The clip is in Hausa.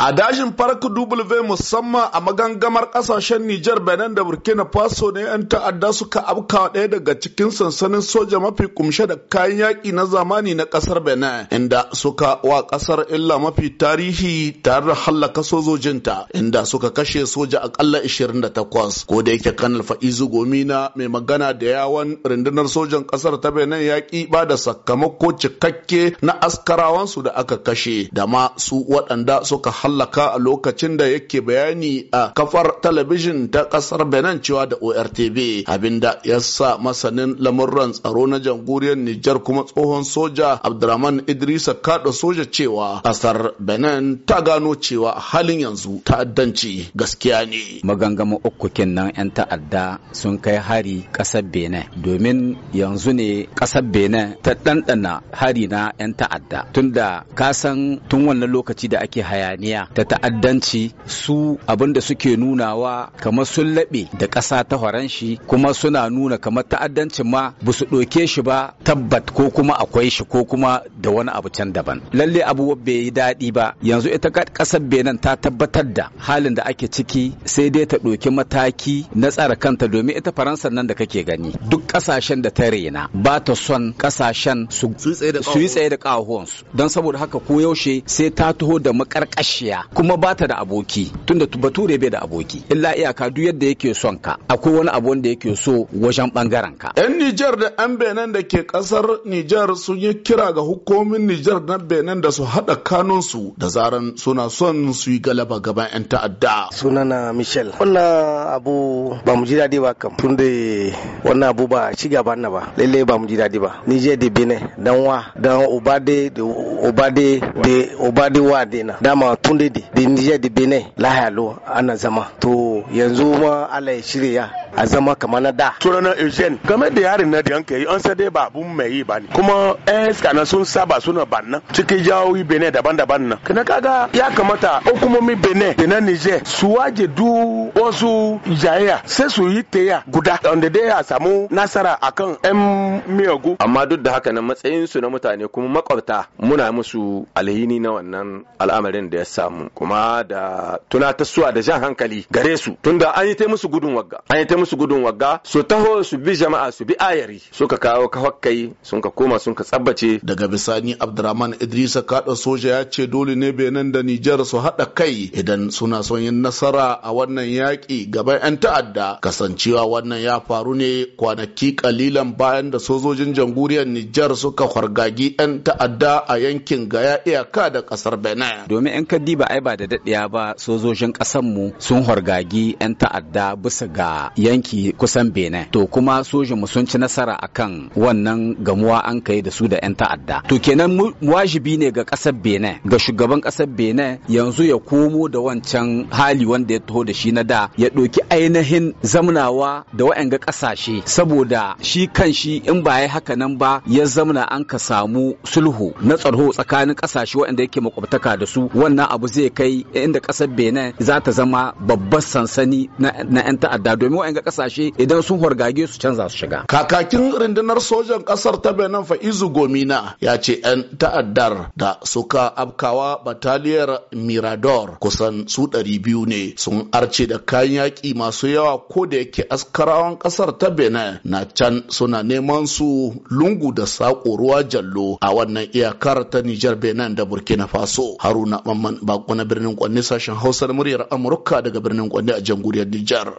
A dajin Park W musamman a magangamar kasashen Nijar Benin da Burkina Faso ne 'yan ta'adda suka afka ɗaya daga cikin sansanin soja mafi kumshe da kayan yaƙi na zamani na ƙasar Benin inda suka wa ƙasar illa mafi tarihi tare da hallaka sojojinta inda suka kashe soja akalla 28 ko da yake kanal Fa'izu Gomina mai magana da yawan rundunar sojan ƙasar ta Benin ƙi ba da sakamako cikakke na askarawansu da aka kashe da ma su waɗanda suka hallaka a lokacin da yake bayani a kafar talabijin ta kasar Benin cewa da ORTB abinda ya sa masanin lamurran tsaro na jamhuriyar Nijar kuma tsohon soja Abdurrahman Idrisa kada soja cewa kasar Benin ta gano cewa halin yanzu ta'addanci gaskiya ne. Maganganu ukukin nan 'yan ta'adda sun kai hari kasar Benin domin yanzu ne kasar Benin ta ɗanɗana hari na 'yan ta'adda tunda kasan tun wannan lokaci da ake hayaniya duniya ta ta'addanci su abin da suke nunawa kamar sun laɓe da ƙasa ta faranshi kuma suna nuna kamar ta'addanci ma ba su ɗauke shi ba tabbat ko kuma akwai shi ko kuma da wani abu can daban lalle abubuwa bai yi daɗi ba yanzu ita ƙasar benin ta tabbatar da halin da ake ciki sai dai ta ɗauki mataki na tsara kanta domin ita faransa nan da kake gani duk ƙasashen da ta rena ba ta son ƙasashen su yi tsaye da ƙahuwansu don saboda haka ko yaushe sai ta taho da makarƙashi maciya kuma ba ta da aboki tunda bature bai da aboki illa iyaka duk yadda yake son ka akwai wani abu wanda yake so wajen bangaren ka yan Nijar da yan Benin da ke kasar Nijar sun yi kira ga hukumomin Nijar na Benin da su hada kanunsu da zaran suna son su yi galaba gaban yan ta'adda sunana Michel wannan abu ba mu ji dadi ba kam tunda wannan abu ba ci gaba na ba lalle ba mu ji dadi ba Nijar da Benin dan wa dan obade da obade da obade wa dina dama tun daidai da Nijar da Benin lahalo ana zama to yanzu ma Allah ya shirya a zama kamar na da. na Eugene game da yarin na da yanka yi an dai ba abun mai yi ba ne kuma eh kana sun saba suna banna ciki jawoyi Benin daban-daban nan. Kana kaga ya kamata hukumomi Benin da na Niger su waje du wasu jayayya sai su yi taya guda wanda dai a samu nasara akan 'yan miyagu. Amma duk da haka nan matsayinsu na mutane kuma makwabta muna musu alhini na wannan al'amarin da ya samu kuma da tunatarsuwa da jan hankali gare su tunda an yi ta musu gudun wagga an yi ta musu gudun wagga su taho su bi jama'a su bi ayari suka kawo kawakkai sun ka koma sun ka tsabbace daga bisani abdurrahman idrisa kaɗa soja ya ce dole ne benin da nijar su haɗa kai idan suna son yin nasara a wannan yaƙi gaban 'yan ta'adda kasancewa wannan ya faru ne kwanaki kalilan bayan da sojojin jamhuriyar nijar suka kwargagi 'yan ta'adda a yankin gaya iyaka da ƙasar benin domin 'yan kaddi ba ai ba da daɗiya ba sojojin mu sun horgagi 'yan ta'adda bisa ga yanki kusan benin to kuma sojinmu sun ci nasara akan wannan gamuwa an kai da su da 'yan ta'adda to kenan wajibi ne ga ƙasar benin ga shugaban kasar benin yanzu ya komo da wancan hali wanda ya taho da shi na da ya ɗauki ainihin zamnawa da wa'anga kasashe saboda shi kan shi in ba ya haka nan ba ya zamna an ka samu sulhu na tsaro tsakanin kasashe waɗanda yake makwabtaka da su wannan abu zai kai inda kasar benin za ta zama babban sansani na 'yan ta'adda domin shiga kasashe idan sun horgage su canza su shiga kakakin rundunar sojan ƙasar ta benin fa'izu gomina ya ce 'yan ta'addar da suka afkawa bataliyar mirador kusan su ɗari biyu ne sun arce da kayan yaƙi masu yawa ko da yake askarawan ƙasar ta benin na can suna neman su lungu da saƙo ruwa jallo a wannan iyakar ta nijar benin da burkina faso haruna mamman Bakuna na birnin kwanne sashen hausa da muryar amurka daga birnin kwanne a jamhuriyar nijar